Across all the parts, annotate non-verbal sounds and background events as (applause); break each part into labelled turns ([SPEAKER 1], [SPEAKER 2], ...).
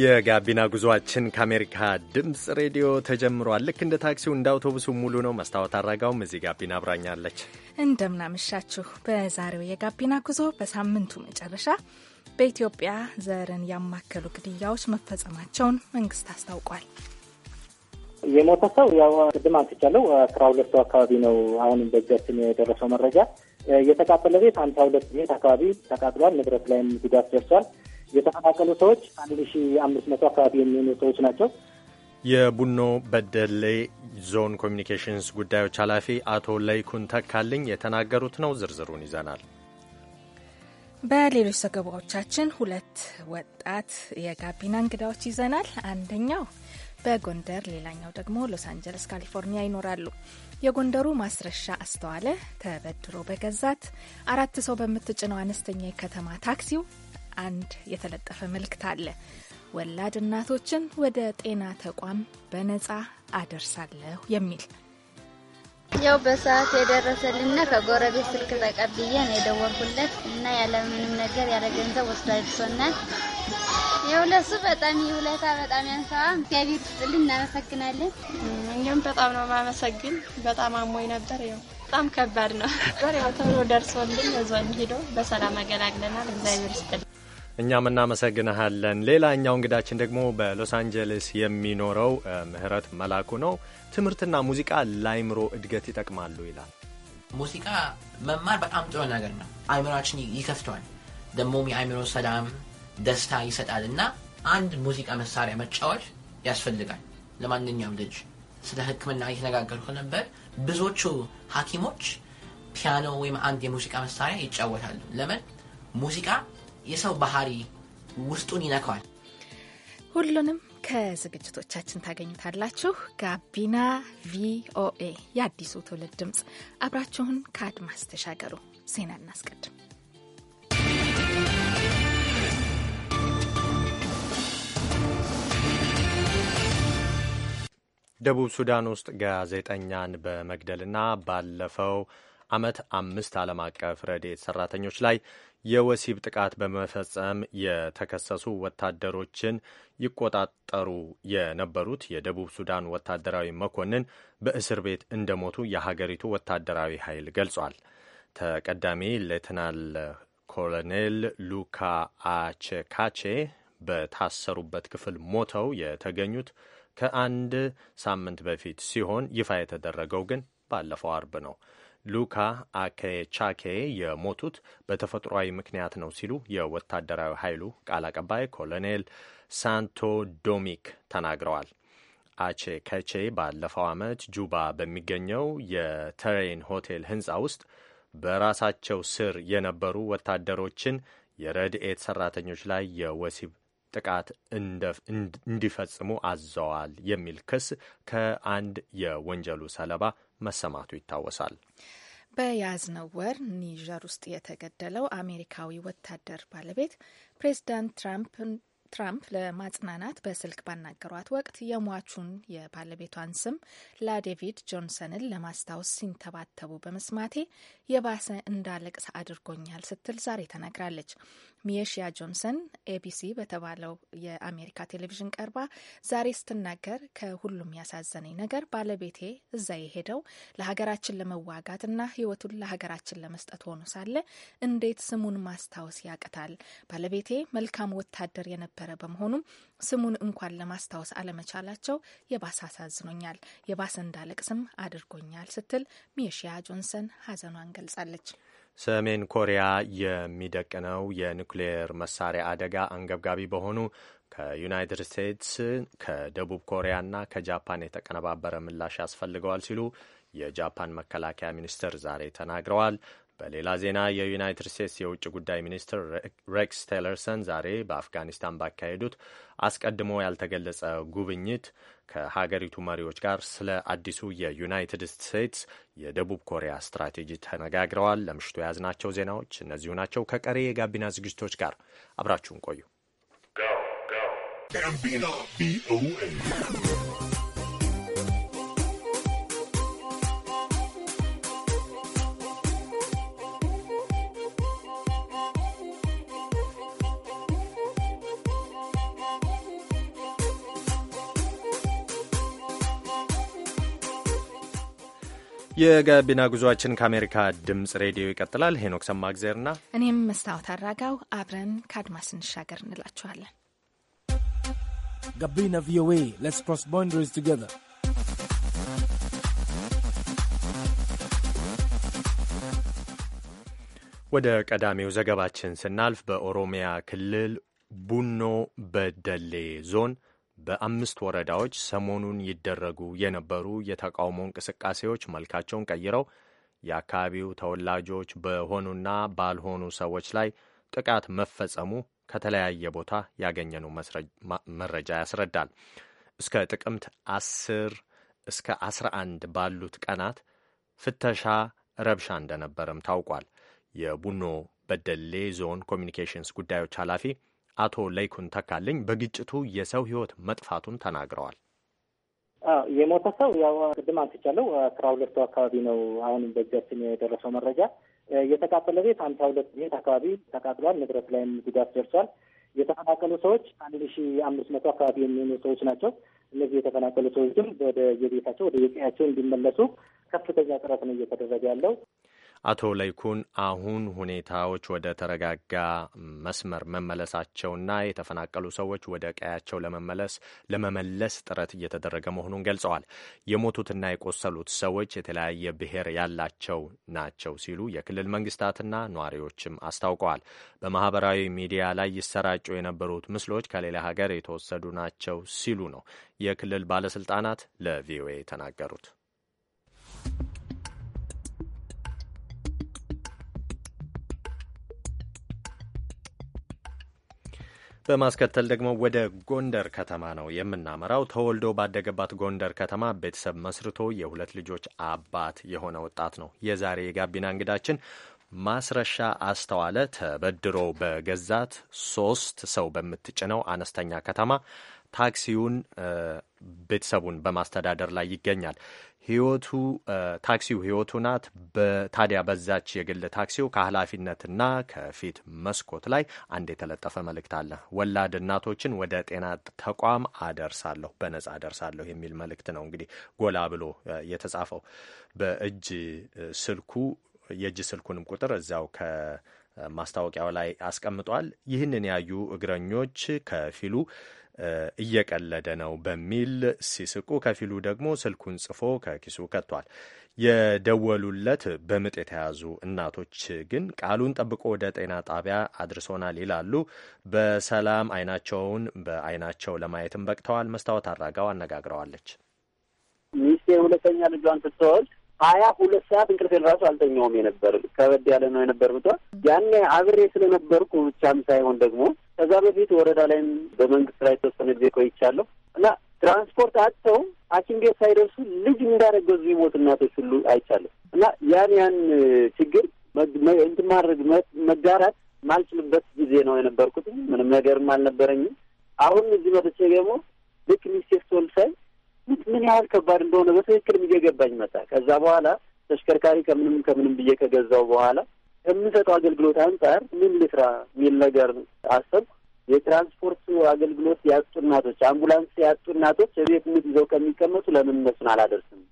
[SPEAKER 1] የጋቢና ጉዞአችን ከአሜሪካ ድምፅ ሬዲዮ ተጀምሯል። ልክ እንደ ታክሲው እንደ አውቶቡሱ ሙሉ ነው። መስታወት አራጋውም እዚህ ጋቢና አብራኛለች።
[SPEAKER 2] እንደምናመሻችሁ። በዛሬው የጋቢና ጉዞ በሳምንቱ መጨረሻ በኢትዮጵያ ዘርን ያማከሉ ግድያዎች መፈጸማቸውን መንግስት አስታውቋል።
[SPEAKER 3] የሞተ ሰው ያው ቅድም አንስቻለሁ፣ አስራ ሁለት ሰው አካባቢ ነው። አሁንም በእጃችን የደረሰው መረጃ የተቃጠለ ቤት አምሳ ሁለት ቤት አካባቢ ተቃጥሏል። ንብረት ላይም ጉዳት ደርሷል። የተፈናቀሉ ሰዎች አንድ ሺ አምስት መቶ አካባቢ የሚሆኑ ሰዎች ናቸው።
[SPEAKER 1] የቡኖ በደሌ ዞን ኮሚኒኬሽንስ ጉዳዮች ኃላፊ አቶ ለይኩን ተካልኝ የተናገሩት ነው። ዝርዝሩን ይዘናል።
[SPEAKER 2] በሌሎች ዘገባዎቻችን ሁለት ወጣት የጋቢና እንግዳዎች ይዘናል። አንደኛው በጎንደር ሌላኛው ደግሞ ሎስ አንጀለስ ካሊፎርኒያ ይኖራሉ። የጎንደሩ ማስረሻ አስተዋለ ተበድሮ በገዛት አራት ሰው በምትጭነው አነስተኛ የከተማ ታክሲው አንድ የተለጠፈ መልእክት አለ። ወላድ እናቶችን ወደ ጤና ተቋም በነጻ አደርሳለሁ የሚል
[SPEAKER 3] ያው በሰዓት የደረሰልና ከጎረቤት ስልክ ተቀብዬ ነው የደወልኩለት እና ያለምንም ነገር ያለ ገንዘብ ወስዶ አድርሶናል። ያው ለሱ በጣም ይውለታ በጣም ያንሰዋ እግዚአብሔር ይስጥልን። እናመሰግናለን። እኛም በጣም ነው ማመሰግን። በጣም አሞኝ ነበር። ያው በጣም ከባድ ነው ነበር። ያው ቶሎ ደርሶልን እዛ ሄዶ በሰላም አገላግለናል። እግዚአብሔር ይስጥልን።
[SPEAKER 1] እኛም እናመሰግንሃለን። ሌላኛው እንግዳችን ደግሞ በሎስ አንጀለስ የሚኖረው ምህረት መላኩ ነው። ትምህርትና ሙዚቃ ለአይምሮ እድገት ይጠቅማሉ ይላል።
[SPEAKER 4] ሙዚቃ መማር በጣም ጥሩ ነገር ነው። አይምሮችን ይከፍተዋል፣ ደግሞም የአይምሮ ሰላም፣ ደስታ ይሰጣል እና አንድ ሙዚቃ መሳሪያ መጫወት ያስፈልጋል ለማንኛውም ልጅ። ስለ ሕክምና እየተነጋገርኩ ነበር። ብዙዎቹ ሐኪሞች ፒያኖ ወይም አንድ የሙዚቃ መሳሪያ ይጫወታሉ። ለምን ሙዚቃ የሰው ባህሪ ውስጡን ይነካዋል።
[SPEAKER 2] ሁሉንም ከዝግጅቶቻችን ታገኙታላችሁ። ጋቢና ቪኦኤ የአዲሱ ትውልድ ድምፅ፣ አብራችሁን ከአድማስ ተሻገሩ። ዜና እናስቀድም።
[SPEAKER 1] ደቡብ ሱዳን ውስጥ ጋዜጠኛን በመግደልና ባለፈው ዓመት አምስት ዓለም አቀፍ ረድኤት ሰራተኞች ላይ የወሲብ ጥቃት በመፈጸም የተከሰሱ ወታደሮችን ይቆጣጠሩ የነበሩት የደቡብ ሱዳን ወታደራዊ መኮንን በእስር ቤት እንደሞቱ የሀገሪቱ ወታደራዊ ኃይል ገልጿል። ተቀዳሚ ሌተናል ኮሎኔል ሉካ አቼካቼ በታሰሩበት ክፍል ሞተው የተገኙት ከአንድ ሳምንት በፊት ሲሆን ይፋ የተደረገው ግን ባለፈው አርብ ነው። ሉካ አኬቻኬ የሞቱት በተፈጥሯዊ ምክንያት ነው ሲሉ የወታደራዊ ኃይሉ ቃል አቀባይ ኮሎኔል ሳንቶ ዶሚክ ተናግረዋል። አቼ ከቼ ባለፈው ዓመት ጁባ በሚገኘው የተሬን ሆቴል ህንፃ ውስጥ በራሳቸው ስር የነበሩ ወታደሮችን የረድኤት ሰራተኞች ላይ የወሲብ ጥቃት እንዲፈጽሙ አዘዋል የሚል ክስ ከአንድ የወንጀሉ ሰለባ መሰማቱ ይታወሳል።
[SPEAKER 2] በያዝነው ወር ኒጀር ውስጥ የተገደለው አሜሪካዊ ወታደር ባለቤት ፕሬዚዳንት ትራምፕ ትራምፕ ለማጽናናት በስልክ ባናገሯት ወቅት የሟቹን የባለቤቷን ስም ላዴቪድ ጆንሰንን ለማስታወስ ሲንተባተቡ በመስማቴ የባሰ እንዳለቅስ አድርጎኛል ስትል ዛሬ ተናግራለች። ሚየሺያ ጆንሰን ኤቢሲ በተባለው የአሜሪካ ቴሌቪዥን ቀርባ ዛሬ ስትናገር ከሁሉም ያሳዘነኝ ነገር ባለቤቴ እዛ የሄደው ለሀገራችን ለመዋጋት እና ሕይወቱን ለሀገራችን ለመስጠት ሆኖ ሳለ እንዴት ስሙን ማስታወስ ያቅታል? ባለቤቴ መልካም ወታደር የነበረ የነበረ በመሆኑም ስሙን እንኳን ለማስታወስ አለመቻላቸው የባሰ አሳዝኖኛል፣ የባሰ እንዳለቅስም አድርጎኛል ስትል ሚሽያ ጆንሰን ሀዘኗን ገልጻለች።
[SPEAKER 1] ሰሜን ኮሪያ የሚደቅነው የኒክሌየር መሳሪያ አደጋ አንገብጋቢ በሆኑ ከዩናይትድ ስቴትስ ከደቡብ ኮሪያና ከጃፓን የተቀነባበረ ምላሽ ያስፈልገዋል ሲሉ የጃፓን መከላከያ ሚኒስትር ዛሬ ተናግረዋል። በሌላ ዜና የዩናይትድ ስቴትስ የውጭ ጉዳይ ሚኒስትር ሬክስ ቴለርሰን ዛሬ በአፍጋኒስታን ባካሄዱት አስቀድሞ ያልተገለጸ ጉብኝት ከሀገሪቱ መሪዎች ጋር ስለ አዲሱ የዩናይትድ ስቴትስ የደቡብ ኮሪያ ስትራቴጂ ተነጋግረዋል። ለምሽቱ የያዝናቸው ዜናዎች እነዚሁ ናቸው። ከቀሬ የጋቢና ዝግጅቶች ጋር አብራችሁን ቆዩ። የጋቢና ጉዟችን ከአሜሪካ ድምፅ ሬዲዮ ይቀጥላል። ሄኖክ ሰማእግዜርና
[SPEAKER 2] እኔም መስታወት አራጋው አብረን ከአድማስ እንሻገር እንላችኋለን። ጋቢና ቪኦኤ ሌትስ ክሮስ ቦንደሪስ ቱጌዘር
[SPEAKER 1] ወደ ቀዳሚው ዘገባችን ስናልፍ በኦሮሚያ ክልል ቡኖ በደሌ ዞን በአምስት ወረዳዎች ሰሞኑን ይደረጉ የነበሩ የተቃውሞ እንቅስቃሴዎች መልካቸውን ቀይረው የአካባቢው ተወላጆች በሆኑና ባልሆኑ ሰዎች ላይ ጥቃት መፈጸሙ ከተለያየ ቦታ ያገኘነው መረጃ ያስረዳል። እስከ ጥቅምት 10 እስከ 11 ባሉት ቀናት ፍተሻ፣ ረብሻ እንደነበረም ታውቋል። የቡኖ በደሌ ዞን ኮሚኒኬሽንስ ጉዳዮች ኃላፊ አቶ ለይኩን ተካልኝ በግጭቱ የሰው ህይወት መጥፋቱን ተናግረዋል።
[SPEAKER 3] የሞተ ሰው ያው ቅድም አንስቻለሁ፣ አስራ ሁለቱ አካባቢ ነው አሁን በእጃችን የደረሰው መረጃ። የተቃጠለ ቤት አምሳ ሁለት ቤት አካባቢ ተቃጥሏል። ንብረት ላይም ጉዳት ደርሷል። የተፈናቀሉ ሰዎች አንድ ሺ አምስት መቶ አካባቢ የሚሆኑ ሰዎች ናቸው። እነዚህ የተፈናቀሉ ሰዎችም ወደ የቤታቸው ወደ የቀያቸው እንዲመለሱ ከፍተኛ ጥረት ነው እየተደረገ ያለው።
[SPEAKER 1] አቶ ለይኩን አሁን ሁኔታዎች ወደ ተረጋጋ መስመር መመለሳቸውና የተፈናቀሉ ሰዎች ወደ ቀያቸው ለመመለስ ለመመለስ ጥረት እየተደረገ መሆኑን ገልጸዋል። የሞቱትና የቆሰሉት ሰዎች የተለያየ ብሔር ያላቸው ናቸው ሲሉ የክልል መንግስታትና ነዋሪዎችም አስታውቀዋል። በማህበራዊ ሚዲያ ላይ ይሰራጩ የነበሩት ምስሎች ከሌላ ሀገር የተወሰዱ ናቸው ሲሉ ነው የክልል ባለስልጣናት ለቪኦኤ ተናገሩት። በማስከተል ደግሞ ወደ ጎንደር ከተማ ነው የምናመራው። ተወልዶ ባደገባት ጎንደር ከተማ ቤተሰብ መስርቶ የሁለት ልጆች አባት የሆነ ወጣት ነው የዛሬ የጋቢና እንግዳችን። ማስረሻ አስተዋለ ተበድሮ በገዛት ሶስት ሰው በምትጭነው አነስተኛ ከተማ ታክሲውን ቤተሰቡን በማስተዳደር ላይ ይገኛል። ህይወቱ ታክሲው ህይወቱ ናት። ታዲያ በዛች የግል ታክሲው ከኃላፊነትና ከፊት መስኮት ላይ አንድ የተለጠፈ መልእክት አለ። ወላድ እናቶችን ወደ ጤና ተቋም አደርሳለሁ፣ በነጻ አደርሳለሁ የሚል መልእክት ነው። እንግዲህ ጎላ ብሎ የተጻፈው በእጅ ስልኩ የእጅ ስልኩንም ቁጥር እዚያው ከማስታወቂያው ላይ አስቀምጧል። ይህንን ያዩ እግረኞች ከፊሉ እየቀለደ ነው በሚል ሲስቁ፣ ከፊሉ ደግሞ ስልኩን ጽፎ ከኪሱ ከቷል። የደወሉለት በምጥ የተያዙ እናቶች ግን ቃሉን ጠብቆ ወደ ጤና ጣቢያ አድርሶናል ይላሉ። በሰላም አይናቸውን በአይናቸው ለማየትም በቅተዋል። መስታወት አራጋው አነጋግረዋለች።
[SPEAKER 3] ሚስቴ ሁለተኛ ልጇን ስትወልድ ሀያ ሁለት ሰዓት እንቅልፌን ራሱ አልተኛውም የነበር ከበድ ያለ ነው የነበር ብቷ ያኔ አብሬ ስለነበርኩ ብቻም ሳይሆን ደግሞ ከዛ በፊት ወረዳ ላይም በመንግስት ላይ የተወሰነ ጊዜ ቆይቻለሁ እና ትራንስፖርት አጥተው ሐኪም ቤት ሳይደርሱ ልጅ እንዳረገዙ የሞት እናቶች ሁሉ አይቻለሁ እና ያን ያን ችግር እንትን ማድረግ መጋራት ማልችልበት ጊዜ ነው የነበርኩት። ምንም ነገርም አልነበረኝም። አሁን እዚህ መጥቼ ደግሞ ልክ ሚስቴክ ሶል ሳይ ምን ያህል ከባድ እንደሆነ በትክክል እየገባኝ መጣ። ከዛ በኋላ ተሽከርካሪ ከምንም ከምንም ብዬ ከገዛው በኋላ ከምንሰጠው አገልግሎት አንጻር ምን ልስራ የሚል ነገር አሰብኩ። የትራንስፖርት አገልግሎት ያጡ እናቶች፣ አምቡላንስ ያጡ እናቶች የቤት ምት ይዘው ከሚቀመጡ ለምን እነሱን አላደርስም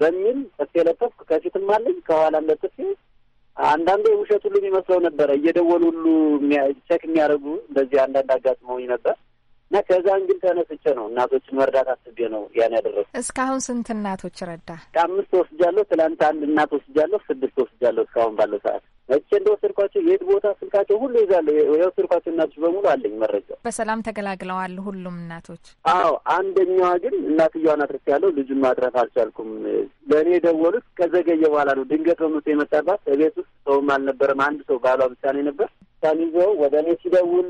[SPEAKER 3] በሚል ጥፌ ለጠፍኩ። ከፊትም አለኝ ከኋላም ለጥፌ አንዳንዱ የውሸት ሁሉ የሚመስለው ነበረ። እየደወሉ ሁሉ ቸክ የሚያደርጉ እንደዚህ አንዳንድ አጋጥመውኝ ነበር እና ከዛን ግን ተነስቼ ነው እናቶችን መርዳት አስቤ ነው ያን ያደረኩ።
[SPEAKER 2] እስካሁን ስንት እናቶች ረዳ?
[SPEAKER 3] ከአምስት ወስጃለሁ። ትላንት አንድ እናት ወስጃለሁ። ስድስት ወስጃለሁ እስካሁን ባለው ሰዓት መቼ እንደወሰድኳቸው የት ቦታ ስልካቸው ሁሉ ይዛለሁ። የወሰድኳቸው እናቶች በሙሉ አለኝ መረጃ።
[SPEAKER 2] በሰላም ተገላግለዋል ሁሉም እናቶች?
[SPEAKER 3] አዎ። አንደኛዋ ግን እናትየዋን ያለው ልጁን ማትረፍ አልቻልኩም። ለእኔ የደወሉት ከዘገየ በኋላ ነው። ድንገት በምቶ የመጣባት እቤት ውስጥ ሰውም አልነበረም። አንድ ሰው ባሏ ብቻ ነው ነበር። ሆስፒታል ይዞ ወደ እኔ ሲደውል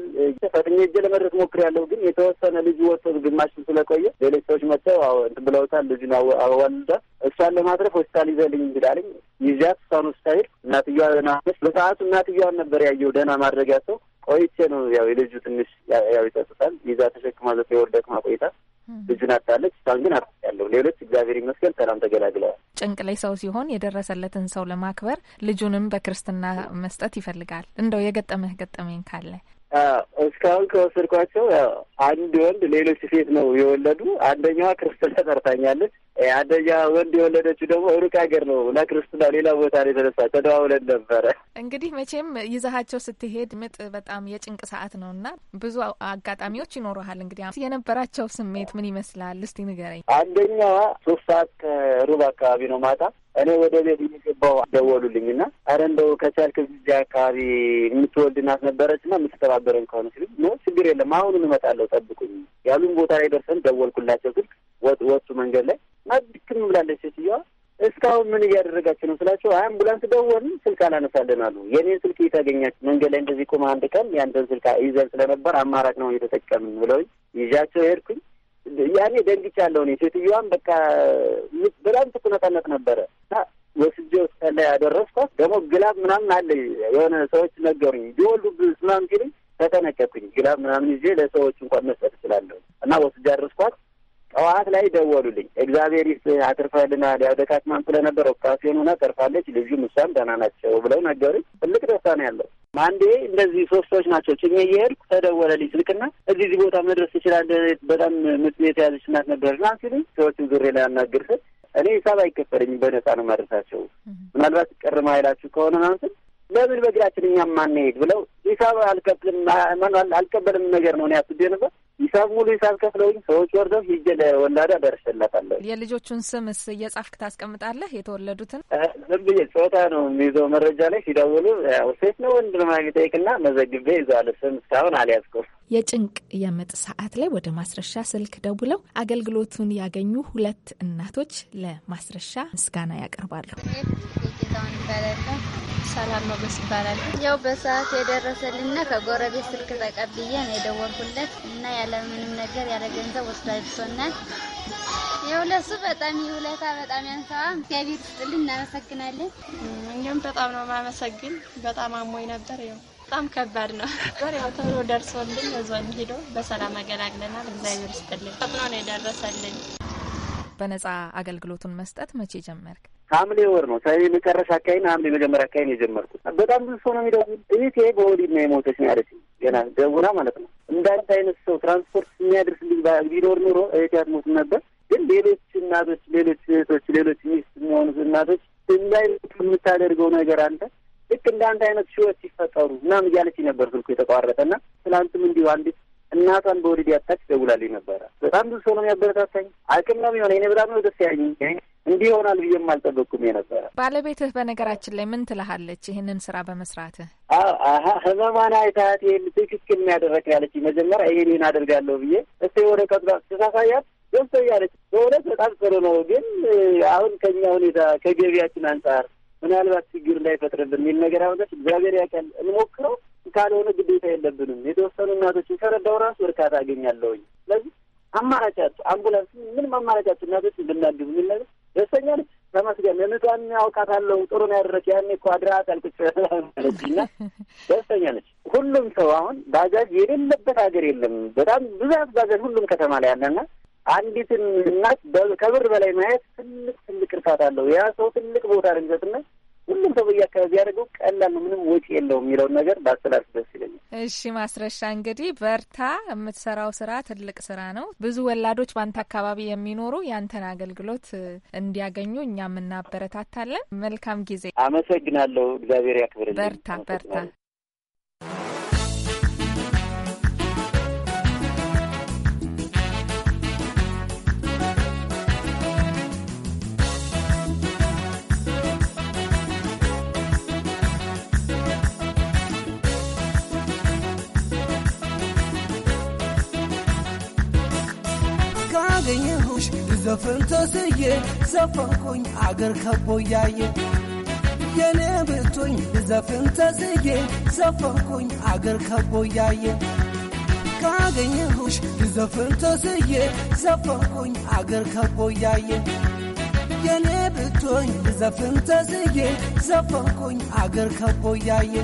[SPEAKER 3] ፈጥኜ እጄ ለመድረስ ሞክሬያለሁ። ግን የተወሰነ ልጁ ወጥቶ ግማሽን ስለቆየ ሌሎች ሰዎች መጥተው እንትን ብለውታል። ልጁን አዋልዳ እሷን ለማትረፍ ሆስፒታል ይዘልኝ እንግዳለኝ ይዣት እሷን ሆስፒታል እናትየዋ ናች። በሰዓቱ እናትየዋን ነበር ያየው ደህና ማድረጊያ ሰው ቆይቼ ነው ያው የልጁ ትንሽ ያው ይጠጥታል ይዛ ተሸክማ ዘ የወርደክ ማቆይታ ልጁን አጣለች። እሷን ግን አጥቻለሁ። ሌሎች እግዚአብሔር ይመስገን ሰላም ተገላግለዋል።
[SPEAKER 2] ጭንቅ ላይ ሰው ሲሆን የደረሰለትን ሰው ለማክበር ልጁንም በክርስትና መስጠት ይፈልጋል። እንደው የገጠመህ ገጠመኝ ካለ?
[SPEAKER 3] እስካሁን ከወሰድኳቸው አንድ ወንድ ሌሎች ሴት ነው የወለዱ። አንደኛዋ ክርስትና ጠርታኛለች። አንደኛ ወንድ የወለደችው ደግሞ ሩቅ ሀገር ነው ለክርስትና ሌላ ቦታ ነው የተነሳ ተደዋውለን ነበረ።
[SPEAKER 2] እንግዲህ መቼም ይዛሃቸው ስትሄድ ምጥ በጣም የጭንቅ ሰዓት ነው እና ብዙ አጋጣሚዎች ይኖረሃል። እንግዲህ የነበራቸው ስሜት ምን ይመስላል? እስቲ ንገረኝ።
[SPEAKER 3] አንደኛ ሶስት ሰዓት ከሩብ አካባቢ ነው ማታ እኔ ወደ ቤት የሚገባው ደወሉልኝ እና ኧረ እንደው ከቻልክ እዚህ አካባቢ የምትወልድ እናት ነበረች እና የምትተባበረን ከሆነ ሲሉ ችግር የለም አሁን እንመጣለሁ ጠብቁኝ ያሉን ቦታ ላይ ደርሰን ደወልኩላቸው ስልክ ወጡ መንገድ ላይ እና ድክም ብላለች ሴትዮዋ። እስካሁን ምን እያደረጋችሁ ነው ስላቸው፣ አይ አምቡላንስ ደወልን ስልክ አላነሳለን አሉ። የኔን ስልክ የታገኛችሁ መንገድ ላይ እንደዚህ ቁመ አንድ ቀን ያንተን ስልክ ይዘን ስለነበር አማራጭ ነው እየተጠቀምን ብለውኝ ይዣቸው ሄድኩኝ። ያኔ ደንግጫለሁ እኔ። ሴትዮዋም በቃ በጣም ትቁነጠነጥ ነበረ። ወስጄ ውስጥ ላይ ያደረስኳት ደግሞ ግላብ ምናምን አለ የሆነ ሰዎች ነገሩኝ ቢወልዱብስ ምናምን ሲሉኝ ተጠነቀቅኩኝ። ግላብ ምናምን ይዤ ለሰዎች እንኳን መስጠት እችላለሁ እና ወስጄ አደረስኳት። ጠዋት ላይ ደወሉልኝ። እግዚአብሔር ይስ አትርፈህልናል፣ ያው ደካክማን ስለነበር ኦፕራሲዮን ሆና ተርፋለች፣ ልጁም እሷም ደህና ናቸው ብለው ነገሩኝ። ትልቅ ደስታ ነው ያለው። አንዴ እንደዚህ ሶስት ሰዎች ናቸው ጭኜ እየሄድኩ ተደወለልኝ ስልክና እዚህ እዚህ ቦታ መድረስ ትችላለህ፣ በጣም ምት የተያዘች እናት ነበር ና ሲሉኝ ሰዎችን ዙሬ ላይ ያናግር ስል እኔ ሂሳብ አይከፈልኝም በነፃ ነው ማድረሳቸው። ምናልባት ቅር ማይላችሁ ከሆነ ናንስል ለምን በእግራችን እኛም ማንሄድ ብለው ሂሳብ አልከፍልም አልቀበልም ነገር ነው ያስቤ ነበር ሂሳብ ሙሉ ሂሳብ ከፍለውኝ ሰዎች ወርደው ሂጄ ለወላዳ ደርሼላታለሁ።
[SPEAKER 2] የልጆቹን ስምስ እየጻፍክ ታስቀምጣለህ? የተወለዱትን
[SPEAKER 3] ዝም ብዬ ጾታ ነው የሚይዘው መረጃ ላይ ሲደውሉ ያው ሴት ነው ወንድ ነው የሚጠይቅና መዘግቤ ይዘዋለሁ። ስም እስካሁን አልያዝኩም።
[SPEAKER 2] የጭንቅ የምጥ ሰዓት ላይ ወደ ማስረሻ ስልክ ደውለው አገልግሎቱን ያገኙ ሁለት እናቶች ለማስረሻ ምስጋና ያቀርባሉ።
[SPEAKER 3] ሰላም ሞገስ ይባላል። ያው በሰዓት የደረሰልኝና ከጎረቤት ስልክ ተቀብዬ ነው የደወልኩለት እና ያለ
[SPEAKER 5] ምንም ነገር ያለ
[SPEAKER 3] ገንዘብ ወስዳ ልብሶናል። የሁለሱ በጣም ይውለታ በጣም ያንሳዋ። እግዚአብሔር ይስጥልን፣ እናመሰግናለን። እንዲሁም በጣም ነው ማመሰግን። በጣም አሞኝ ነበር። ያው በጣም ከባድ ነው ጋር ያው ቶሎ ደርሶልኝ ዞን ሄዶ በሰላም አገላግለናል። እግዚአብሔር ይስጥልን። ፈጥኖ ነው የደረሰልኝ።
[SPEAKER 2] በነጻ አገልግሎቱን መስጠት መቼ ጀመርክ?
[SPEAKER 3] ሐምሌ ወር ነው ሰኔ መጨረሻ አካባቢ ሐምሌ መጀመሪያ አካባቢ ነው የጀመርኩት። በጣም ብዙ ሰው ነው የሚደውል። እህቴ በወሊድ ነው የሞተች ነው ያለችኝ ገና ገቡና ማለት ነው። እንዳንተ አይነት ሰው ትራንስፖርት የሚያደርስ ቢኖር ኑሮ እህቴ አትሞትም ነበር። ግን ሌሎች እናቶች፣ ሌሎች እህቶች፣ ሌሎች ሚስት የሚሆኑት እናቶች እንዳይነት የምታደርገው ነገር አንተ ልክ እንዳንተ አይነት ሽወት ሲፈጠሩ ምናምን እያለች ነበር። ስልኩ የተቋረጠና ትላንትም እንዲሁ አንዲት እናቷን በወደድ ያጣች ደውላልኝ ነበረ። በጣም ብዙ ሰው ነው የሚያበረታታኝ። አቅም ነው የሚሆነ ኔ በጣም ነው ደስ ያለኝ እንዲህ ይሆናል ብዬም አልጠበቅኩም የነበረ።
[SPEAKER 2] ባለቤትህ በነገራችን ላይ ምን ትልሃለች ይህንን ስራ በመስራትህ?
[SPEAKER 3] ህመማን አይታት ይህን ትክክል የሚያደረግ ያለች መጀመሪያ ይህን ይህን አደርጋለሁ ብዬ እስ ወደ ቀጥላ ትሳሳያት ደስተ እያለች በእውነት በጣም ጥሩ ነው። ግን አሁን ከኛ ሁኔታ ከገቢያችን አንጻር ምናልባት ችግር እንዳይፈጥርብን የሚል ነገር አሁነች እግዚአብሔር ያውቃል። እንሞክረው ካልሆነ ግዴታ የለብንም። የተወሰኑ እናቶችን ከረዳው ራሱ እርካታ አገኛለሁኝ። ስለዚህ አማራጫቸው አምቡላንስ ምንም አማራጫቸው እናቶች ብናግዝ የሚል ነገር ደስተኛ ነች። ተመስገን ልምቷን አውቃታለሁ። ጥሩ ነው ያደረግ ያኔ ኳድራ አድራ ጠልቅጭ ለችና ደስተኛ ነች። ሁሉም ሰው አሁን ባጃጅ የሌለበት ሀገር የለም። በጣም ብዛት ባጃጅ ሁሉም ከተማ ላይ ያለና አንዲትን እናት ከብር በላይ ማየት ትልቅ ትልቅ እርካታ አለው። ያ ሰው ትልቅ ቦታ ልንሰጥና ሁሉም ሰው በየአካባቢ ያደርገው ቀላል ምንም ወጪ የለውም የሚለውን ነገር በአስተላልፍ ደስ ይለኛል።
[SPEAKER 2] እሺ ማስረሻ እንግዲህ በርታ። የምትሰራው ስራ ትልቅ ስራ ነው። ብዙ ወላዶች በአንተ አካባቢ የሚኖሩ ያንተን አገልግሎት እንዲያገኙ እኛም እናበረታታለን። መልካም ጊዜ።
[SPEAKER 3] አመሰግናለሁ። እግዚአብሔር ያክብርልኝ። በርታ
[SPEAKER 2] በርታ።
[SPEAKER 5] ልዘፍን ተስዬ ዘፈንኩኝ አገር ከቦያየ የኔ ብቶኝ ልዘፍን ተስዬ ዘፈንኩኝ አገር ከቦያየ ካገኘሁሽ ልዘፍን ተስዬ ዘፈንኩኝ አገር ከቦያየ የኔ ብቶኝ ልዘፍን ተስዬ ዘፈንኩኝ አገር ከቦያየ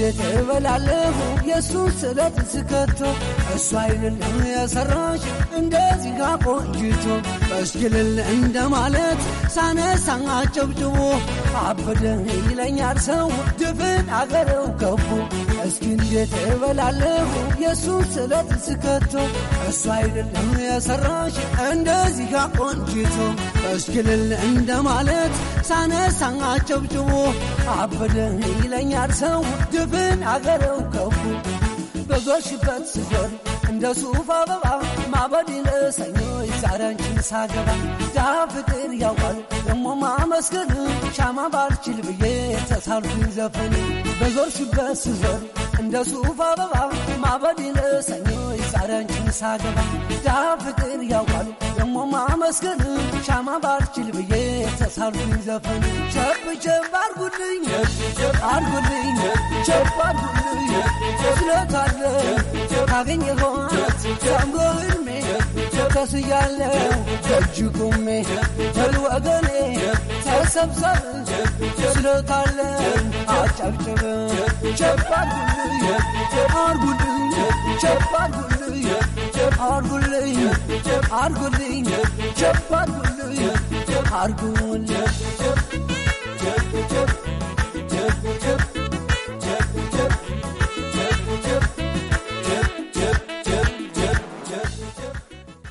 [SPEAKER 5] እንዴት እበላለሁ የእሱን ስለት ስከቶ እሱ አይንን የሰራች እንደዚህ ጋ ቆንጅቶ እስኪልል እንደማለት ሳነሳ ጨብጭቦ አበደ ይለኛል ሰው ድፍን አገሬው ገቡ እስኪ እንዴት እበላለሁ የእሱን ስለት ስከቶ እሱ አይደለም የሰራሽ እንደዚህ አቆንጅቶ እስክልል እንደማለት ሳነሳቸው ጭቦ አበደ ይለኛል ሰው ድፍን አገሬው ከቡ በጎሽበት ስገር እንደ ሱፍ አበባ ማበድ ለሰኞ ዛሬንችን ሳገባ ዳ ፍቅር ያውቃል ደሞ ማመስገን ሻማ ባልችል ብዬ ተሳልኩኝ ዘፈን በዞርሽበት ስዘር እንደ ሱፍ አበባ ማበዴን ሰኞ የዛረንችን ሳገባ ዳ ፍቅር ያውቃሉ ደግሞ ማመስገን ሻማ ባልችል ብዬ ተሳልኩኝ ዘፈን ቸብ ቸብ አርጉልኝ አርጉልኝ ቸብ አርጉልኝ ስለታለ ካገኘ ሆን ሰምሮ እድሜ ተስያለው እጅ ቁሜ በል ወገኔ ተሰብሰብ ስለታለን አጨብጭብ ጨባርጉልኝ አርጉልኝ ጨባርጉልኝ አርጉልኝ አርጉልኝ ጨባርጉልኝ አርጉልኝ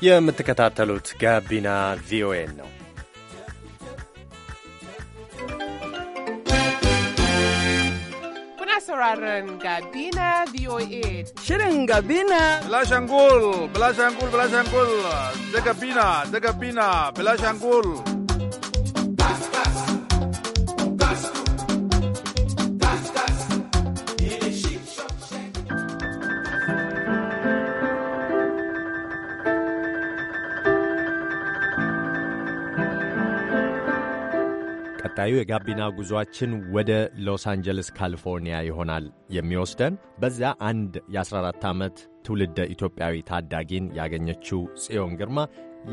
[SPEAKER 1] የምትከታተሉት ጋቢና ቪኦኤ ነው።
[SPEAKER 4] sauraron Gabina VOA.
[SPEAKER 1] Shirin Gabina. Bilashangul, Bilashangul, Bilashangul. Da Gabina, da Gabina, Bilashangul. ቀጣዩ የጋቢና ጉዟችን ወደ ሎስ አንጀለስ ካሊፎርኒያ ይሆናል የሚወስደን። በዚያ አንድ የ14 ዓመት ትውልደ ኢትዮጵያዊ ታዳጊን ያገኘችው ጽዮን ግርማ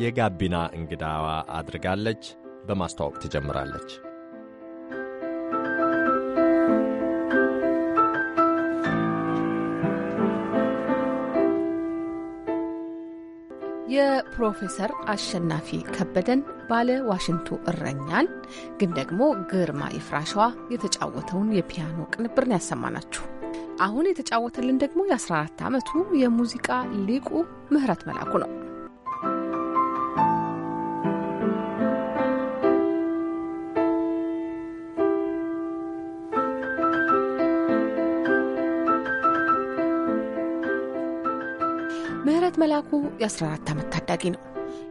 [SPEAKER 1] የጋቢና እንግዳዋ አድርጋለች። በማስተዋወቅ ትጀምራለች።
[SPEAKER 6] የፕሮፌሰር አሸናፊ ከበደን ባለ ዋሽንቱ እረኛን ግን ደግሞ ግርማ ይፍራሸዋ የተጫወተውን የፒያኖ ቅንብርን ያሰማናችሁ። አሁን የተጫወተልን ደግሞ የ14 ዓመቱ የሙዚቃ ሊቁ ምህረት መላኩ ነው። መላኩ የ14 ዓመት ታዳጊ ነው።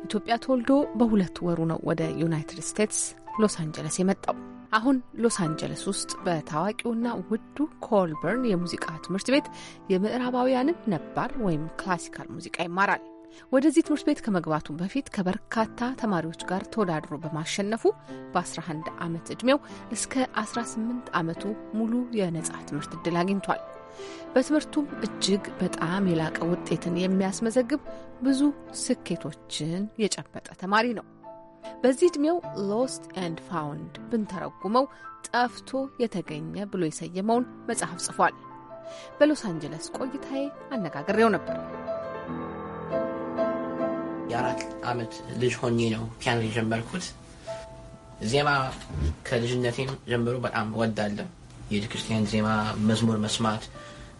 [SPEAKER 6] ኢትዮጵያ ተወልዶ በሁለት ወሩ ነው ወደ ዩናይትድ ስቴትስ ሎስ አንጀለስ የመጣው። አሁን ሎስ አንጀለስ ውስጥ በታዋቂውና ውዱ ኮልበርን የሙዚቃ ትምህርት ቤት የምዕራባውያንን ነባር ወይም ክላሲካል ሙዚቃ ይማራል። ወደዚህ ትምህርት ቤት ከመግባቱ በፊት ከበርካታ ተማሪዎች ጋር ተወዳድሮ በማሸነፉ በ11 ዓመት ዕድሜው እስከ 18 ዓመቱ ሙሉ የነጻ ትምህርት ዕድል አግኝቷል። በትምህርቱም እጅግ በጣም የላቀ ውጤትን የሚያስመዘግብ ብዙ ስኬቶችን የጨበጠ ተማሪ ነው። በዚህ ዕድሜው ሎስት ኤንድ ፋውንድ ብንተረጉመው ጠፍቶ የተገኘ ብሎ የሰየመውን መጽሐፍ ጽፏል። በሎስ አንጀለስ ቆይታዬ አነጋግሬው ነበር።
[SPEAKER 4] የአራት ዓመት ልጅ ሆኜ ነው ፒያኖ የጀመርኩት። ዜማ ከልጅነቴም ጀምሮ በጣም ወዳለሁ። የቤተክርስቲያን ዜማ መዝሙር መስማት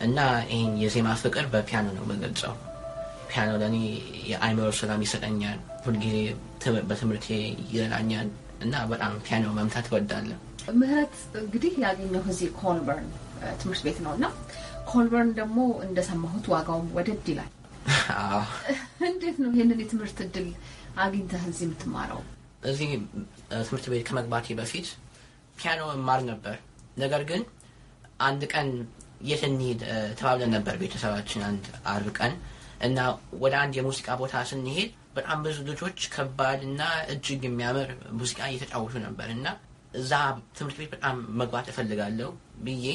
[SPEAKER 4] እና ይህን የዜማ ፍቅር በፒያኖ ነው መገልጸው። ፒያኖ ለእኔ የአይምሮ ሰላም ይሰጠኛል። ሁልጊዜ በትምህርቴ ይረዳኛል እና በጣም ፒያኖ መምታት እወዳለሁ።
[SPEAKER 6] ምህረት እንግዲህ ያገኘው እዚህ ኮልበርን ትምህርት ቤት ነው እና ኮልበርን ደግሞ እንደሰማሁት ዋጋውም ወደድ ይላል።
[SPEAKER 4] (laughs)
[SPEAKER 6] እንዴት ነው ይህንን የትምህርት እድል አግኝተህ እዚህ የምትማረው?
[SPEAKER 4] እዚህ ትምህርት ቤት ከመግባቴ በፊት ፒያኖ እማር ነበር ነገር ግን አንድ ቀን የት እንሂድ ተባብለን ነበር ቤተሰባችን አንድ አርብ ቀን እና ወደ አንድ የሙዚቃ ቦታ ስንሄድ በጣም ብዙ ልጆች ከባድ እጅግ የሚያምር ሙዚቃ እየተጫወቱ ነበር እና እዛ ትምህርት ቤት በጣም መግባት እፈልጋለሁ ብዬ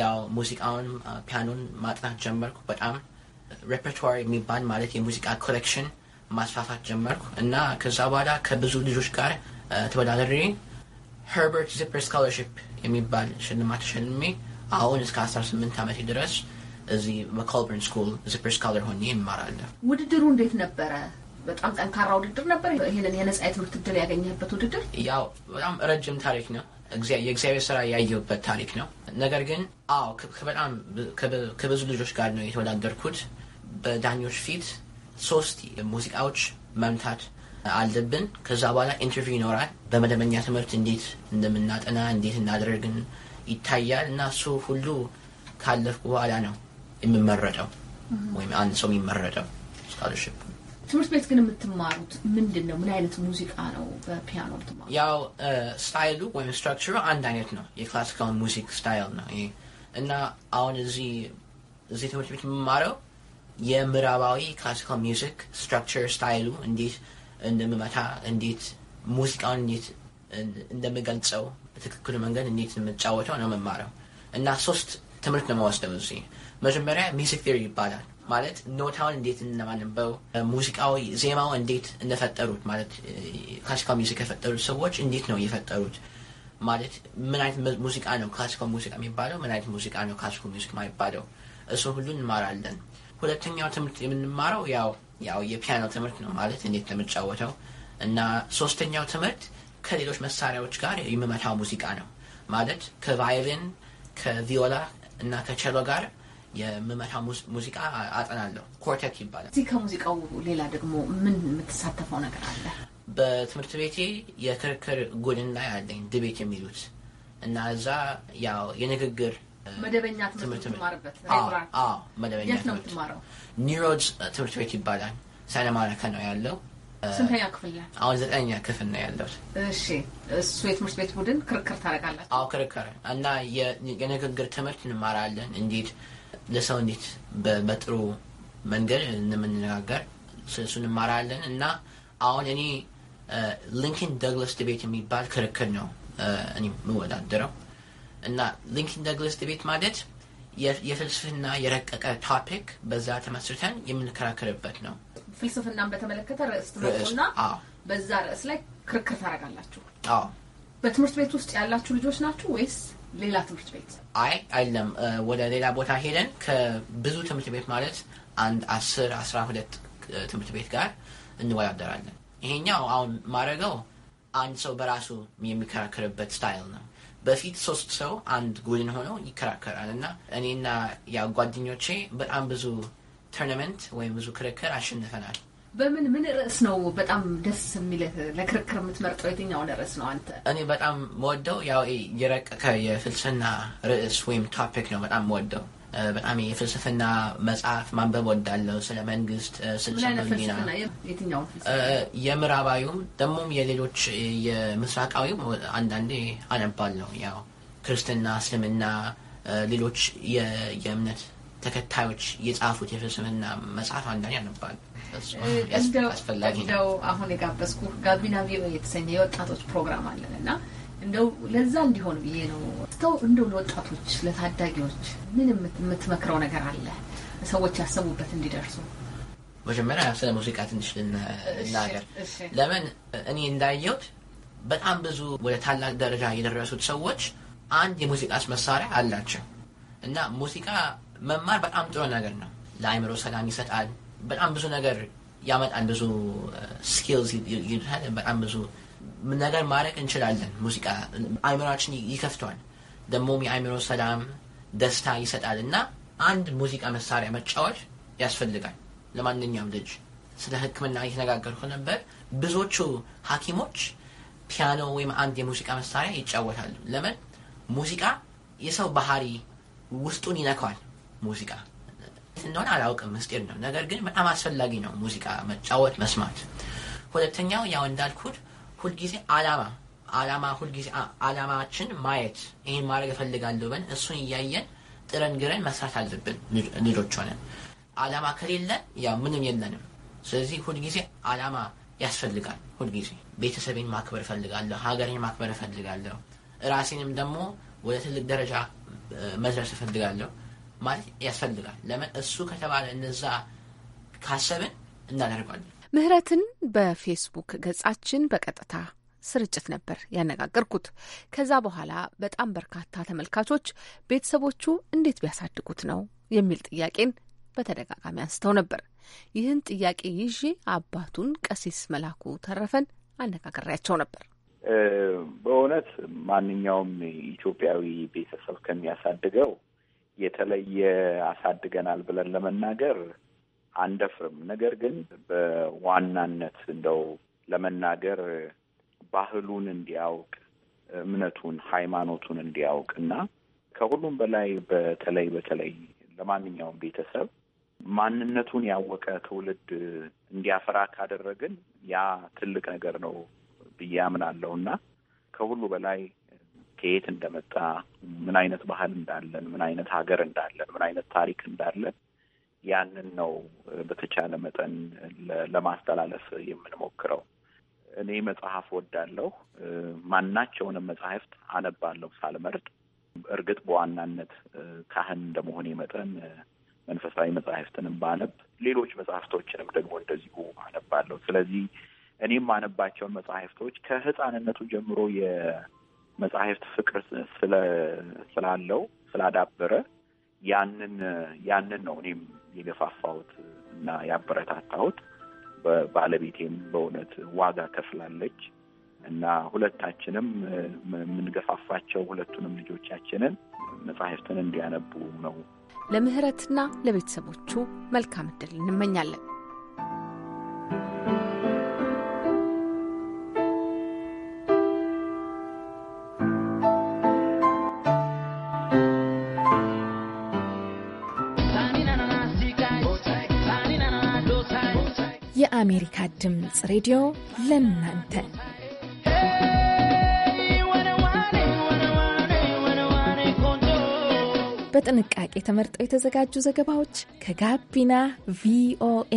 [SPEAKER 4] ያው ሙዚቃውን ፒያኖን ማጥናት ጀመርኩ። በጣም ሬፐርቶሪ የሚባል ማለት የሙዚቃ ኮሌክሽን ማስፋፋት ጀመርኩ እና ከዛ በኋላ ከብዙ ልጆች ጋር ተወዳደሬ ሄርበርት ዚፐር ስኮላርሽፕ የሚባል ሽልማት ተሸልሜ አሁን እስከ 18 ዓመት ድረስ እዚህ በኮልበርን ስኩል ዚፐር ስኮላር ሆኜ እማራለሁ።
[SPEAKER 6] ውድድሩ እንዴት ነበረ? በጣም ጠንካራ ውድድር ነበር። ይህንን የነጻ የትምህርት እድል ያገኘበት ውድድር
[SPEAKER 4] ያው በጣም ረጅም ታሪክ ነው። የእግዚአብሔር ስራ ያየሁበት ታሪክ ነው። ነገር ግን አዎ በጣም ከብዙ ልጆች ጋር ነው የተወዳደርኩት። በዳኞች ፊት ሶስት ሙዚቃዎች መምታት አለብን። ከዛ በኋላ ኢንተርቪው ይኖራል። በመደበኛ ትምህርት እንዴት እንደምናጠና እንዴት እናደርግን ይታያል። እና እሱ ሁሉ ካለፍኩ በኋላ ነው የምመረጠው ወይም አንድ ሰው የሚመረጠው ስኮላርሽፕ።
[SPEAKER 6] ትምህርት ቤት ግን የምትማሩት ምንድን ነው? ምን አይነት ሙዚቃ ነው በፒያኖ ትማሩ?
[SPEAKER 4] ያው ስታይሉ ወይም ስትራክቸሩ አንድ አይነት ነው። የክላሲካል ሙዚክ ስታይል ነው ይሄ እና አሁን እዚህ እዚህ ትምህርት ቤት የምማረው የምዕራባዊ ክላሲካል ሚዚክ ስትራክቸር ስታይሉ እንዴት እንደምመታ እንዴት ሙዚቃውን እንዴት እንደምገልጸው በትክክሉ መንገድ እንዴት የምጫወተው ነው መማረው እና ሶስት ትምህርት ነው መወስደው እዚህ። መጀመሪያ ሚዚክ ቴሪ ይባላል። ማለት ኖታውን እንዴት እንደማነበው ሙዚቃዊ ዜማው እንዴት እንደፈጠሩት ማለት ክላሲካል ሚዚክ የፈጠሩት ሰዎች እንዴት ነው እየፈጠሩት ማለት ምን አይነት ሙዚቃ ነው ክላሲካል ሙዚቃ የሚባለው፣ ምን አይነት ሙዚቃ ነው ክላሲካል ሚዚክ የማይባለው፣ እሱ ሁሉ እንማራለን። ሁለተኛው ትምህርት የምንማረው ያው ያው የፒያኖ ትምህርት ነው ማለት እንዴት የምጫወተው እና ሶስተኛው ትምህርት ከሌሎች መሳሪያዎች ጋር የምመታው ሙዚቃ ነው ማለት ከቫይሊን ከቪዮላ እና ከቸሎ ጋር የምመታ ሙዚቃ አጠናለሁ። ኮርቴት ይባላል። እዚህ
[SPEAKER 6] ከሙዚቃው ሌላ ደግሞ ምን የምትሳተፈው
[SPEAKER 4] ነገር አለ? በትምህርት ቤቴ የክርክር ጉድና ያለኝ ድቤት የሚሉት እና እዛ ያው የንግግር
[SPEAKER 6] መደበኛ ትምህርት የምትማርበት መደበኛ ነው የምትማረው?
[SPEAKER 4] ትምህርት ቤት ይባላል። ነው ያለው። ስንተኛ ክፍል አሁን ዘጠነኛ ክፍል ነው ያለው።
[SPEAKER 6] እሺ፣ እሱ የትምህርት ቤት ቡድን ክርክር ታደርጋላችሁ?
[SPEAKER 4] አዎ፣ ክርክር እና የንግግር ትምህርት እንማራለን። እንዴት ለሰው እንዴት በጥሩ መንገድ እንደምንነጋገር ስለሱ እንማራለን። እና አሁን እኔ ሊንከን ደግለስ ዲቤት የሚባል ክርክር ነው እኔ የምወዳደረው እና ሊንኪን ደግለስ ዲቤት ማለት የፍልስፍና የረቀቀ ቶፒክ በዛ ተመስርተን የምንከራከርበት ነው።
[SPEAKER 6] ፍልስፍናን በተመለከተ ርዕስ ትመጡና በዛ ርዕስ ላይ ክርክር ታደርጋላችሁ። በትምህርት ቤት ውስጥ ያላችሁ ልጆች ናችሁ ወይስ ሌላ ትምህርት ቤት?
[SPEAKER 4] አይ አይለም፣ ወደ ሌላ ቦታ ሄደን ከብዙ ትምህርት ቤት ማለት አንድ አስር አስራ ሁለት ትምህርት ቤት ጋር እንወዳደራለን። ይሄኛው አሁን ማድረገው አንድ ሰው በራሱ የሚከራከርበት ስታይል ነው። በፊት ሶስት ሰው አንድ ጉድን ሆነው ይከራከራል እና እኔና ያ ጓደኞቼ በጣም ብዙ ቶርናመንት ወይም ብዙ ክርክር አሸንፈናል። በምን ምን ርዕስ ነው በጣም ደስ የሚልህ ለክርክር የምትመርጠው የትኛውን ርዕስ ነው አንተ? እኔ በጣም መወደው ያው የረቀቀ የፍልስፍና ርዕስ ወይም ቶፒክ ነው በጣም መወደው በጣም የፍልስፍና መጽሐፍ ማንበብ ወዳለው ስለ መንግስት፣ ስልሰና የምዕራባዊውም ደግሞም የሌሎች የምስራቃዊም አንዳንዴ አነባለሁ። ያው ክርስትና፣ እስልምና፣ ሌሎች የእምነት ተከታዮች የጻፉት የፍልስፍና መጽሐፍ አንዳንዴ አነባለሁ። አስፈላጊ ነው።
[SPEAKER 6] አሁን የጋበዝኩ ጋቢና ቪኦኤ የተሰኘ የወጣቶች ፕሮግራም አለን እና እንደው ለዛ እንዲሆን ብዬ ነው። ስተው እንደው ለወጣቶች ለታዳጊዎች ምን የምትመክረው ነገር አለ?
[SPEAKER 4] ሰዎች ያሰቡበት እንዲደርሱ መጀመሪያ ስለ ሙዚቃ ትንሽ ልናገር። ለምን እኔ እንዳየሁት በጣም ብዙ ወደ ታላቅ ደረጃ የደረሱት ሰዎች አንድ የሙዚቃ መሳሪያ አላቸው እና ሙዚቃ መማር በጣም ጥሩ ነገር ነው። ለአይምሮ ሰላም ይሰጣል። በጣም ብዙ ነገር ያመጣል። ብዙ ስኪልስ በጣም ብዙ ነገር ማድረግ እንችላለን። ሙዚቃ አይምሮችን ይከፍቷል፣ ደግሞም የአይምሮ ሰላም ደስታ ይሰጣል እና አንድ ሙዚቃ መሳሪያ መጫወት ያስፈልጋል ለማንኛውም ልጅ። ስለ ሕክምና እየተነጋገርኩ ነበር። ብዙዎቹ ሐኪሞች ፒያኖ ወይም አንድ የሙዚቃ መሳሪያ ይጫወታሉ። ለምን? ሙዚቃ የሰው ባህሪ ውስጡን ይነካዋል። ሙዚቃ እንደሆነ አላውቅም፣ ምስጢር ነው። ነገር ግን በጣም አስፈላጊ ነው ሙዚቃ መጫወት መስማት። ሁለተኛው ያው እንዳልኩት ሁልጊዜ አላማ አላማ ሁልጊዜ አላማችን ማየት ይህን ማድረግ እፈልጋለሁ ብን እሱን እያየን ጥረን ግረን መስራት አለብን። ሌሎች ሆነን አላማ ከሌለ ያ ምንም የለንም። ስለዚህ ሁልጊዜ አላማ ያስፈልጋል። ሁልጊዜ ቤተሰቤን ማክበር እፈልጋለሁ፣ ሀገሬን ማክበር እፈልጋለሁ፣ ራሴንም ደግሞ ወደ ትልቅ ደረጃ መድረስ እፈልጋለሁ ማለት ያስፈልጋል። ለምን እሱ ከተባለ እነዛ ካሰብን እናደርጓለን።
[SPEAKER 6] ምህረትን በፌስቡክ ገጻችን በቀጥታ ስርጭት ነበር ያነጋገርኩት። ከዛ በኋላ በጣም በርካታ ተመልካቾች ቤተሰቦቹ እንዴት ቢያሳድጉት ነው የሚል ጥያቄን በተደጋጋሚ አንስተው ነበር። ይህን ጥያቄ ይዤ አባቱን ቀሲስ መላኩ ተረፈን አነጋግሬያቸው ነበር።
[SPEAKER 7] በእውነት ማንኛውም ኢትዮጵያዊ ቤተሰብ ከሚያሳድገው የተለየ አሳድገናል ብለን ለመናገር አንደፍርም። ነገር ግን በዋናነት እንደው ለመናገር ባህሉን እንዲያውቅ እምነቱን፣ ሃይማኖቱን እንዲያውቅ እና ከሁሉም በላይ በተለይ በተለይ ለማንኛውም ቤተሰብ ማንነቱን ያወቀ ትውልድ እንዲያፈራ ካደረግን ያ ትልቅ ነገር ነው ብዬ አምናለሁ እና ከሁሉ በላይ ከየት እንደመጣ ምን አይነት ባህል እንዳለን፣ ምን አይነት ሀገር እንዳለን፣ ምን አይነት ታሪክ እንዳለን ያንን ነው በተቻለ መጠን ለማስተላለፍ የምንሞክረው። እኔ መጽሐፍ ወዳለሁ። ማናቸውንም መጽሐፍት አነባለሁ ሳልመርጥ። እርግጥ በዋናነት ካህን እንደመሆኔ መጠን መንፈሳዊ መጽሐፍትንም ባነብ ሌሎች መጽሐፍቶችንም ደግሞ እንደዚሁ አነባለሁ። ስለዚህ እኔም አነባቸውን መጽሐፍቶች ከህፃንነቱ ጀምሮ የመጽሐፍት ፍቅር ስለ ስላለው ስላዳበረ ያንን ያንን ነው እኔም የገፋፋሁት እና ያበረታታሁት። ባለቤቴም በእውነት ዋጋ ከፍላለች እና ሁለታችንም የምንገፋፋቸው ሁለቱንም ልጆቻችንን መጽሐፍትን እንዲያነቡ ነው።
[SPEAKER 6] ለምህረትና ለቤተሰቦቹ መልካም እድል እንመኛለን።
[SPEAKER 2] ድምፅ ሬዲዮ ለእናንተ በጥንቃቄ ተመርጠው የተዘጋጁ ዘገባዎች ከጋቢና ቪኦኤ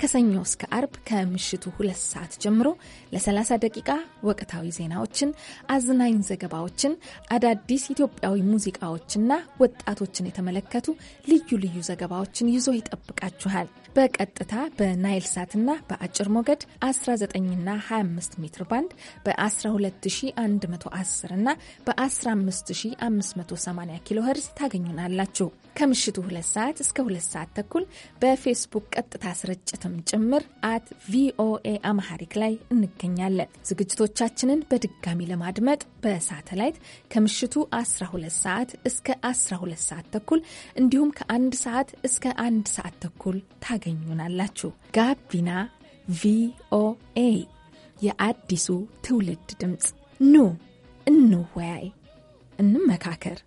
[SPEAKER 2] ከሰኞ እስከ አርብ ከምሽቱ ሁለት ሰዓት ጀምሮ ለ30 ደቂቃ ወቅታዊ ዜናዎችን፣ አዝናኝ ዘገባዎችን፣ አዳዲስ ኢትዮጵያዊ ሙዚቃዎችና ወጣቶችን የተመለከቱ ልዩ ልዩ ዘገባዎችን ይዞ ይጠብቃችኋል። በቀጥታ በናይል ሳትና በአጭር ሞገድ 19ና 25 ሜትር ባንድ በ12110 እና በ15580 ኪሎ ሄርዝ ታገኙናላችሁ። ከምሽቱ ሁለት ሰዓት እስከ ሁለት ሰዓት ተኩል በፌስቡክ ቀጥታ ስርጭትም ጭምር አት ቪኦኤ አማሐሪክ ላይ እንገኛለን። ዝግጅቶቻችንን በድጋሚ ለማድመጥ በሳተላይት ከምሽቱ 12 ሰዓት እስከ 12 ሰዓት ተኩል እንዲሁም ከአንድ ሰዓት እስከ አንድ ሰዓት ተኩል ታገኙናላችሁ። ጋቢና ቪኦኤ የአዲሱ ትውልድ ድምፅ። ኑ እንወያይ፣ እንመካከር፣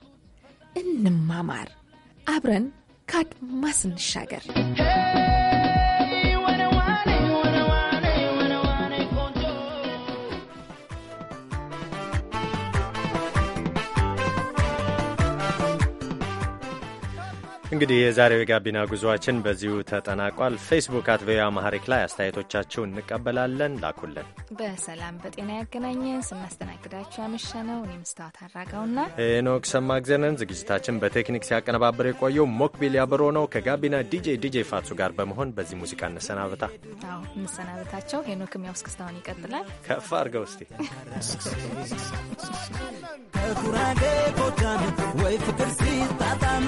[SPEAKER 2] እንማማር አብረን ካድማስ እንሻገር።
[SPEAKER 1] እንግዲህ የዛሬው የጋቢና ጉዞአችን በዚሁ ተጠናቋል። ፌስቡክ አት ቪኦኤ አማሪክ ላይ አስተያየቶቻችሁ እንቀበላለን። ላኩልን።
[SPEAKER 2] በሰላም በጤና ያገናኘን። ስናስተናግዳችሁ ያመሸነው እኔ መስታወት አራጋውና
[SPEAKER 1] ኖክ ሰማግዘነን። ዝግጅታችን በቴክኒክ ሲያቀነባብር የቆየው ሞክቢል ያብሮ ነው። ከጋቢና ዲጄ ዲጄ ፋቱ ጋር በመሆን በዚህ ሙዚቃ እንሰናበታ
[SPEAKER 2] እንሰናበታቸው። ሄኖክም ያው እስክስታውን ይቀጥላል።
[SPEAKER 1] ከፍ አድርገው እስቲ
[SPEAKER 5] ወይ ፍቅር ሲጣጣም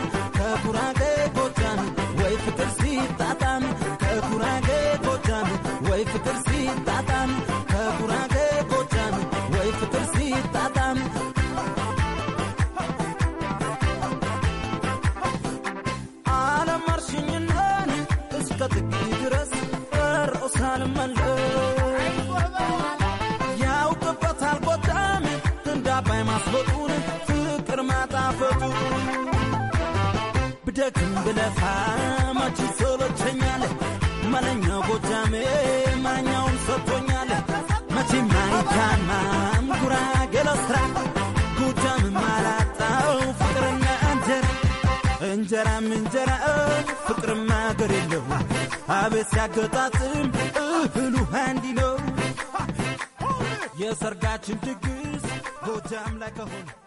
[SPEAKER 5] ቁራቄ ጎጃን ወይ ፍቅር ሲጣጣም ብለፋ ማች ሰለቸኛል ማለኛው ጎጃሜ መለኛውን ሰጥቶኛል። መቼ አይታማም ጉራ ለስራ ጎጃም ማላጣው ፍቅርና እንጀራ እንጀራም እንጀራ ፍቅርም አገር የለው አቤት ሲያገጣጥም እህሉ አንዲ ነው የሰርጋችን ድግስ ጎጃም ላይ ከሆነ